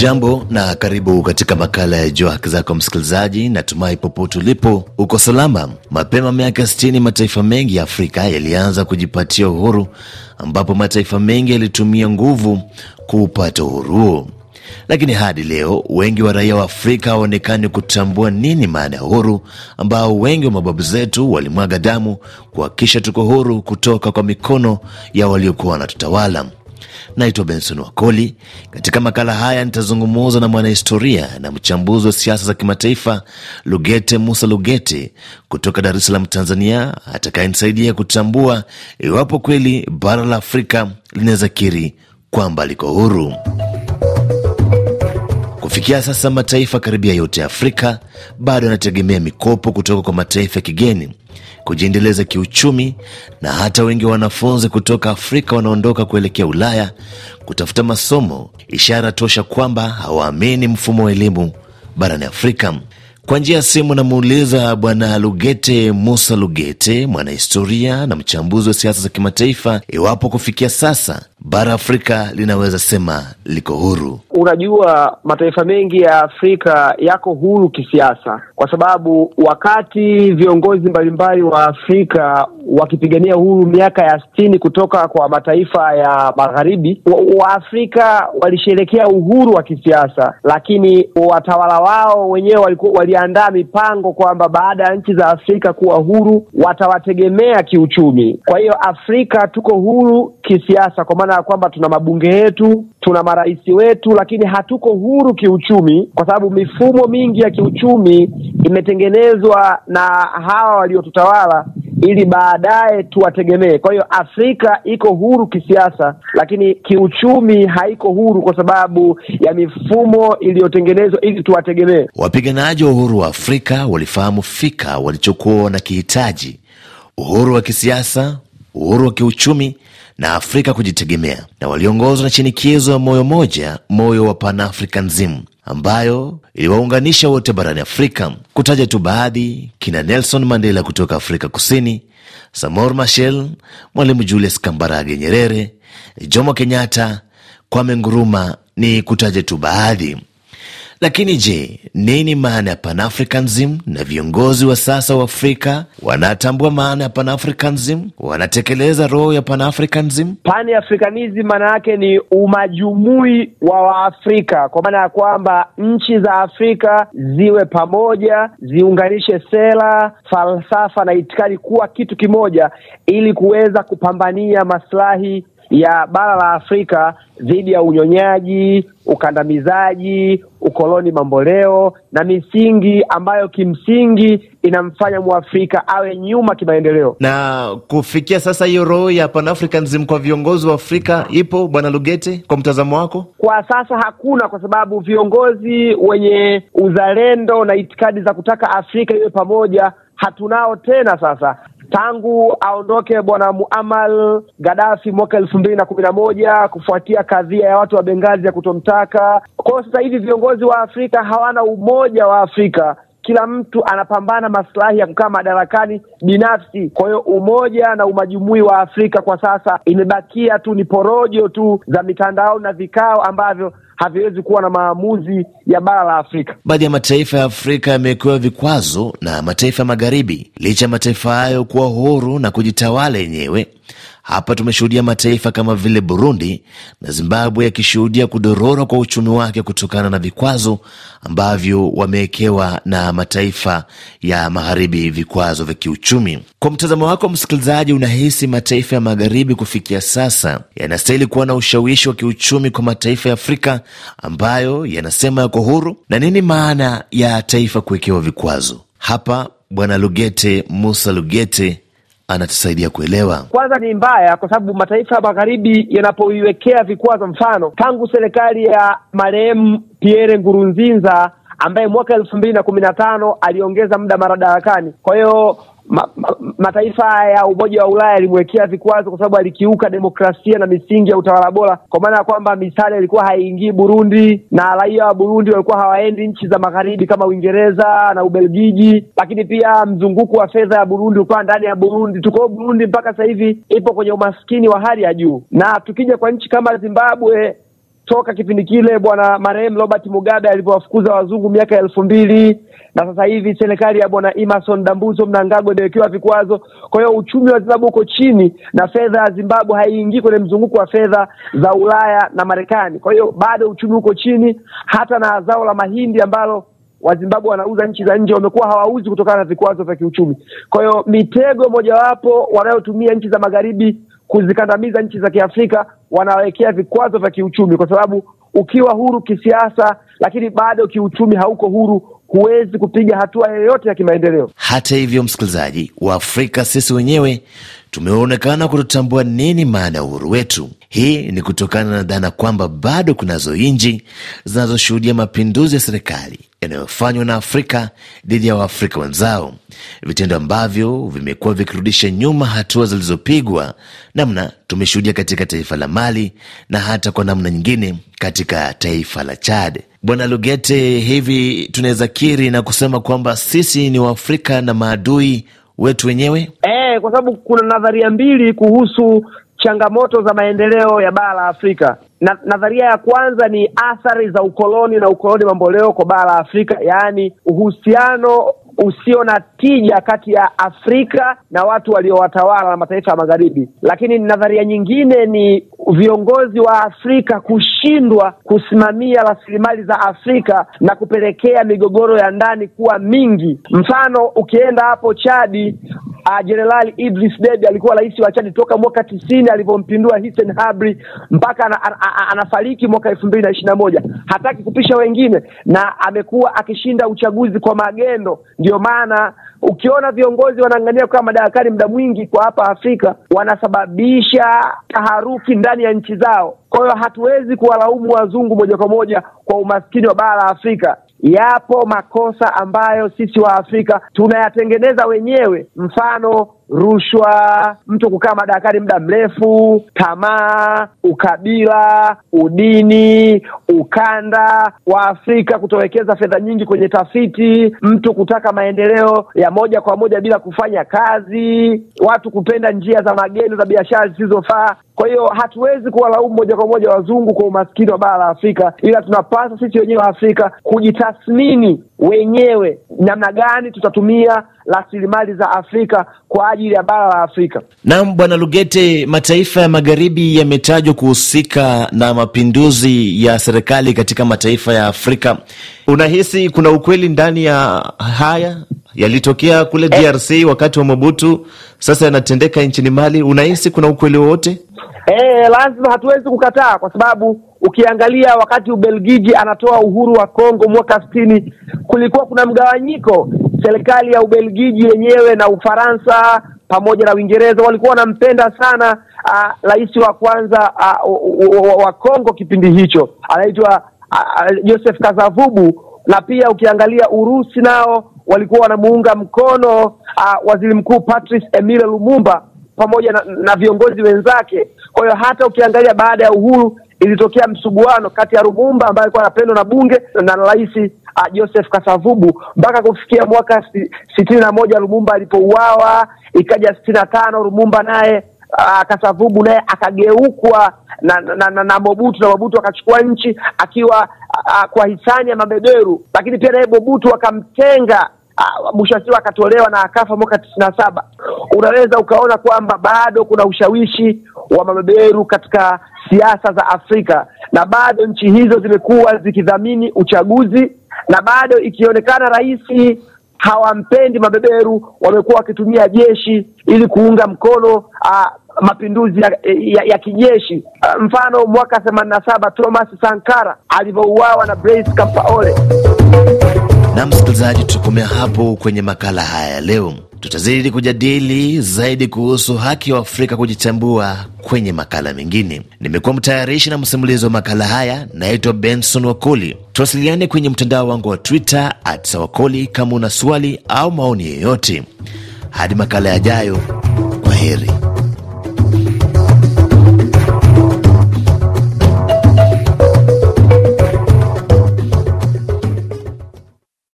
jambo na karibu katika makala ya Jua Haki Zako, msikilizaji. Natumai popote ulipo uko salama. Mapema miaka 60 mataifa mengi ya Afrika yalianza kujipatia uhuru, ambapo mataifa mengi yalitumia nguvu kuupata uhuru huo, lakini hadi leo wengi wa raia wa Afrika hawaonekani kutambua nini maana ya uhuru, ambao wengi wa mababu zetu walimwaga damu kuhakikisha tuko huru kutoka kwa mikono ya waliokuwa wanatutawala. Naitwa Benson Wakoli. Katika makala haya nitazungumuza na mwanahistoria na mchambuzi wa siasa za kimataifa Lugete Musa Lugete kutoka Dar es Salaam, Tanzania, atakayenisaidia kutambua iwapo kweli bara la Afrika linaweza kiri kwamba liko huru. Kufikia sasa mataifa karibia yote ya Afrika bado yanategemea mikopo kutoka kwa mataifa ya kigeni kujiendeleza kiuchumi, na hata wengi wa wanafunzi kutoka Afrika wanaondoka kuelekea Ulaya kutafuta masomo, ishara tosha kwamba hawaamini mfumo wa elimu barani Afrika. Kwa njia ya simu namuuliza Bwana Lugete Musa Lugete, mwanahistoria na mchambuzi wa siasa za kimataifa, iwapo kufikia sasa bara Afrika linaweza sema liko huru. Unajua, mataifa mengi ya Afrika yako huru kisiasa, kwa sababu wakati viongozi mbalimbali wa Afrika wakipigania uhuru miaka ya sitini kutoka kwa mataifa ya magharibi, Waafrika walisherekea uhuru wa kisiasa, lakini watawala wao wenyewe walikuwa waliandaa mipango kwamba baada ya nchi za Afrika kuwa huru watawategemea kiuchumi. Kwa hiyo Afrika tuko huru kisiasa kwa maana maana ya kwamba tuna mabunge yetu, tuna marais wetu, lakini hatuko huru kiuchumi, kwa sababu mifumo mingi ya kiuchumi imetengenezwa na hawa waliotutawala ili baadaye tuwategemee. Kwa hiyo Afrika iko huru kisiasa, lakini kiuchumi haiko huru kwa sababu ya mifumo iliyotengenezwa ili tuwategemee. Wapiganaji wa uhuru wa Afrika walifahamu fika walichokuwa wanakihitaji: uhuru wa kisiasa, uhuru wa kiuchumi na Afrika kujitegemea, na waliongozwa na shinikizo ya moyo moja, moyo wa Panafrika nzimu ambayo iliwaunganisha wote barani Afrika. Kutaja tu baadhi, kina Nelson Mandela kutoka Afrika Kusini, Samor Machel, Mwalimu Julius Kambarage Nyerere, Jomo Kenyatta, Kwame Nkrumah ni kutaja tu baadhi. Lakini je, nini maana ya Panafricanism na viongozi wa sasa wa Afrika wanatambua maana ya Panafricanism? Wanatekeleza roho ya Panafricanism? Panafricanism maana yake ni umajumui wa Waafrika, kwa maana ya kwamba nchi za Afrika ziwe pamoja, ziunganishe sera, falsafa na itikadi kuwa kitu kimoja, ili kuweza kupambania maslahi ya bara la Afrika dhidi ya unyonyaji, ukandamizaji ukoloni mamboleo na misingi ambayo kimsingi inamfanya Mwafrika awe nyuma kimaendeleo. Na kufikia sasa, hiyo roho ya Pan Africanism kwa viongozi wa Afrika ipo, Bwana Lugete, kwa mtazamo wako? Kwa sasa hakuna, kwa sababu viongozi wenye uzalendo na itikadi za kutaka Afrika iwe pamoja hatunao tena sasa tangu aondoke bwana muamal gadafi mwaka elfu mbili na kumi na moja kufuatia kadhia ya watu wa Bengazi ya kutomtaka. kwao sasa hivi viongozi wa Afrika hawana umoja wa Afrika kila mtu anapambana maslahi ya kukaa madarakani binafsi. Kwa hiyo umoja na umajumui wa Afrika kwa sasa imebakia tu ni porojo tu za mitandao na vikao ambavyo haviwezi kuwa na maamuzi ya bara la Afrika. Baadhi ya mataifa ya Afrika yamewekewa vikwazo na mataifa ya magharibi, licha ya mataifa hayo kuwa huru na kujitawala yenyewe. Hapa tumeshuhudia mataifa kama vile Burundi na Zimbabwe yakishuhudia kudorora kwa uchumi wake kutokana na vikwazo ambavyo wamewekewa na mataifa ya magharibi, vikwazo vya kiuchumi. Kwa mtazamo wako msikilizaji, unahisi mataifa ya magharibi kufikia sasa yanastahili kuwa na ushawishi wa kiuchumi kwa mataifa ya Afrika ambayo yanasema yako huru, na nini maana ya taifa kuwekewa vikwazo? Hapa Bwana Lugete Musa Lugete anatusaidia kuelewa. Kwanza ni mbaya kwa sababu mataifa ya magharibi yanapoiwekea vikwazo, mfano tangu serikali ya marehemu Pierre Ngurunzinza ambaye mwaka elfu mbili na kumi na tano aliongeza muda madarakani. Kwa hiyo ma, ma, mataifa ya Umoja wa Ulaya yalimwekea vikwazo kwa sababu alikiuka demokrasia na misingi ya utawala bora, kwa maana ya kwamba misaada ilikuwa haiingii Burundi na raia wa Burundi walikuwa hawaendi nchi za magharibi kama Uingereza na Ubelgiji, lakini pia mzunguko wa fedha ya Burundi ulikuwa ndani ya Burundi Tuko Burundi mpaka sasa hivi ipo kwenye umaskini wa hali ya juu, na tukija kwa nchi kama Zimbabwe toka kipindi kile bwana marehemu Robert Mugabe alivyowafukuza wazungu miaka elfu mbili na sasa hivi serikali ya bwana Emerson Dambuzo Mnangagwa imewekewa vikwazo. Kwa hiyo uchumi wa Zimbabwe uko chini na fedha ya Zimbabwe haiingii kwenye mzunguko wa fedha za Ulaya na Marekani. Kwa hiyo bado uchumi uko chini, hata na zao la mahindi ambalo Wazimbabwe wanauza nchi za nje wamekuwa hawauzi kutokana na vikwazo vya kiuchumi. Kwa hiyo mitego mojawapo wanayotumia nchi za magharibi kuzikandamiza nchi za Kiafrika, wanawekea vikwazo vya kiuchumi, kwa sababu ukiwa huru kisiasa, lakini bado kiuchumi hauko huru huwezi kupiga hatua yoyote ya kimaendeleo. Hata hivyo, msikilizaji, wa afrika sisi wenyewe tumeonekana kutotambua nini maana ya uhuru wetu. Hii ni kutokana na dhana kwamba bado kunazo nchi zinazoshuhudia mapinduzi ya serikali yanayofanywa na Afrika dhidi ya Waafrika wenzao, vitendo ambavyo vimekuwa vikirudisha nyuma hatua zilizopigwa, namna tumeshuhudia katika taifa la Mali na hata kwa namna nyingine katika taifa la Chad. Bwana Lugete, hivi tunaweza kiri na kusema kwamba sisi ni Waafrika na maadui wetu wenyewe? E, kwa sababu kuna nadharia mbili kuhusu changamoto za maendeleo ya bara la Afrika. Na, nadharia ya kwanza ni athari za ukoloni na ukoloni mamboleo kwa bara la Afrika, yaani uhusiano usio na tija kati ya Afrika na watu waliowatawala na mataifa ya magharibi. Lakini nadharia nyingine ni viongozi wa Afrika kushindwa kusimamia rasilimali za Afrika na kupelekea migogoro ya ndani kuwa mingi. Mfano, ukienda hapo Chadi, Ah, Jenerali uh, Idris Deby alikuwa rais wa Chadi toka mwaka tisini alivyompindua Hissen Habri mpaka an, an, an, anafariki mwaka elfu mbili na ishirini na moja. Hataki kupisha wengine na amekuwa akishinda uchaguzi kwa magendo. Ndio maana ukiona viongozi wanaangania kukaa madarakani muda mwingi kwa hapa Afrika wanasababisha taharuki ndani ya nchi zao. Kwa hiyo hatuwezi kuwalaumu wazungu moja kwa moja kwa umaskini wa bara la Afrika. Yapo makosa ambayo sisi wa Afrika tunayatengeneza wenyewe, mfano rushwa, mtu kukaa madarakani muda mrefu, tamaa, ukabila, udini, ukanda wa Afrika, kutowekeza fedha nyingi kwenye tafiti, mtu kutaka maendeleo ya moja kwa moja bila kufanya kazi, watu kupenda njia za magendo za biashara zisizofaa. Kwa hiyo hatuwezi kuwalaumu moja kwa moja wazungu kwa umaskini wa bara la Afrika, ila tunapaswa sisi wenyewe wa Afrika kujitathmini wenyewe, namna gani tutatumia rasilimali za Afrika kwa ajili ya bara la Afrika. Naam, Bwana Lugete, mataifa ya magharibi yametajwa kuhusika na mapinduzi ya serikali katika mataifa ya Afrika. Unahisi kuna ukweli ndani ya haya yalitokea kule DRC eh, wakati wa Mobutu, sasa yanatendeka nchini Mali. Unahisi kuna ukweli wowote? Eh, lazima, hatuwezi kukataa kwa sababu ukiangalia wakati Ubelgiji anatoa uhuru wa Kongo mwaka sitini, kulikuwa kuna mgawanyiko. Serikali ya Ubelgiji yenyewe na Ufaransa pamoja na Uingereza walikuwa wanampenda sana ah, rais wa kwanza ah, a, wa Kongo kipindi hicho anaitwa ah, Joseph Kasavubu na pia ukiangalia Urusi nao walikuwa wanamuunga mkono uh, waziri mkuu Patrice Emile Lumumba pamoja na, na viongozi wenzake. Kwa hiyo hata ukiangalia baada ya uhuru ilitokea msuguano kati ya Lumumba ambaye alikuwa anapendwa na bunge na rais uh, Joseph Kasavubu mpaka kufikia mwaka sitini na moja Lumumba alipouawa, ikaja sitini na tano Lumumba naye uh, Kasavubu naye akageukwa na, na, na, na Mobutu na Mobutu akachukua nchi akiwa kwa hisani ya mabeberu, lakini pia naye Mobutu akamtenga mshasi akatolewa na akafa mwaka tisini na saba. Unaweza ukaona kwamba bado kuna ushawishi wa mabeberu katika siasa za Afrika, na bado nchi hizo zimekuwa zikidhamini uchaguzi, na bado ikionekana rais hawampendi mabeberu, wamekuwa wakitumia jeshi ili kuunga mkono mapinduzi ya, ya, ya kijeshi. Uh, mfano mwaka themanini na saba Thomas Sankara alivyouawa na Blaise Compaore. Na msikilizaji, tutakomea hapo kwenye makala haya leo. Tutazidi kujadili zaidi kuhusu haki wa Afrika kujitambua kwenye makala mengine. Nimekuwa mtayarishi na msimulizi wa makala haya, naitwa Benson Wakoli. Tuwasiliane kwenye mtandao wangu wa Twitter at kama una swali au maoni yoyote. Hadi makala yajayo, kwa heri.